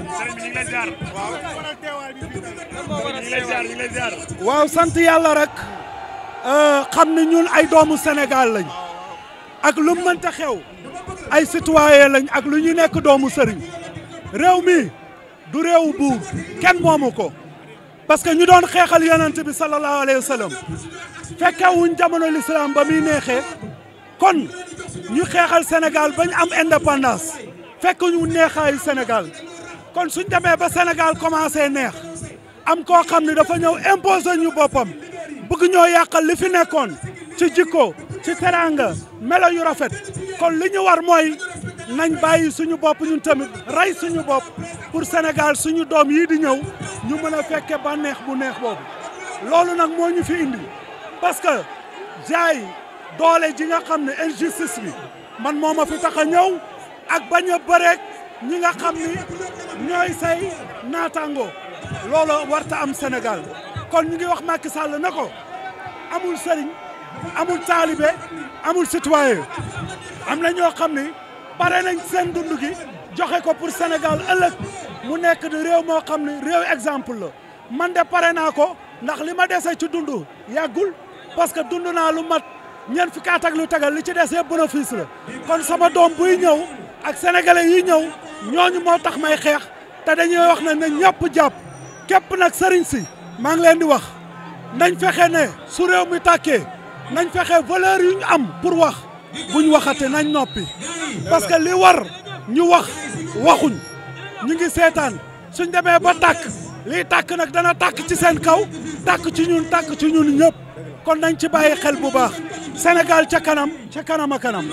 sëriñ bi ñu ngi lay ziar. waaw ñu ngi lay ziar ñu ngi lay ziar. waaw sant yàlla rek xam ne ñun ay doomu Sénégal lañ ak lu mu mënta xew ay citoyen lañ ak lu ñu nekk doomu sëriñ réew mi du réew bu kenn moomu ko parce que ñu doon xeexal yonent bi sallallahu alayhi wa sallam fekkewuñ jamono lislaam ba muy neexee kon ñu xeexal Sénégal bañ am indépendance fekk ñu neexaayu Sénégal kon suñ demee ba Sénégal commencé neex am koo xam ne dafa ñëw imposer ñu boppam bëgg ñoo yàqal li fi nekkoon ci jikko ci teraanga melo yu rafet kon li ñu war mooy nañ bàyyi suñu bopp ñun tamit rey suñu bopp pour Sénégal suñu doom yii di ñëw ñu mën a fekke ba neex bu neex boobu loolu nag moo ñu fi indi parce que jaay doole ji nga xam ne injustice bi man moo ma fi tax a ñëw ak bañ a bëreek ñi nga xam ni ñooy say naataango loolu warta am Sénégal kon ñu ngi wax Macky Sall na ko amul sëriñ amul taalibe amul citoyen am na ñoo xam ni bare nañ seen dund gi joxe ko pour Sénégal ëllëg mu nekk di réew moo xam ne réew exemple la man de pare naa ko ndax li ma dese ci dund yàggul parce que dund naa lu mat ñeent fukki at lu tegal li ci des yëpp bénéfice la kon sama doom buy ñëw ak sénégalais yi ñëw ñooñu moo tax may xeex te dañuy wax ne na ñëpp jàpp képp nag sëriñ si maa ngi leen di wax nañ fexe ne su réew mi tàkkee nañ fexe valeur yu am pour wax buñ waxate nañ noppi parce que li war ñu wax waxuñ ñu ngi seetaan suñ demee ba tàkk lii tàkk nag dana tàkk ci seen kaw tàkk ci ñun tàkk ci ñun ñëpp kon nañ ci bàyyi xel bu baax Sénégal ca kanam ca kanam a kanam.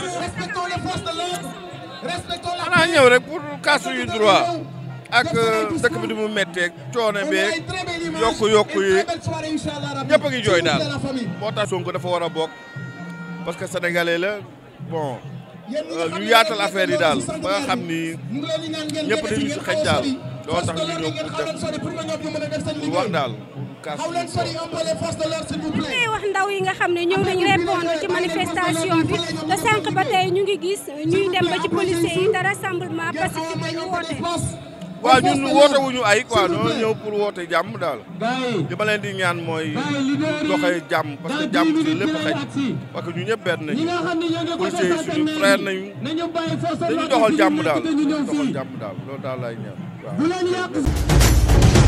xanaa ñëw rek pour casse yu droit. ak euh, dëkk bi di mu métteeg coono beeg yokku yokku yi ñëpp ngi jooy daal moo tax Sonko dafa war a bokk parce que sénégalais la bon euh, ñu yaatal affaire yi daal ba nga xam ni ñëpp dañu si xëj daal doo tax ñu ñëw pour def wax daal. ba tey ñu ngi gis ñuy dem ba ci policiers yi te rassemblement pacifique bi ñu woote. waaw ñun woote wuñu ay quoi noonu ñëw pour woote jàmm daal li ma di ñaan mooy doxee jàmm parce que jàmm ci lépp xaj parce que ñu ñëpp benn nañu policier yi suñu frère nañu dañu doxal jàmm daal doxal jàmm daal lool daal laay ñaan waaw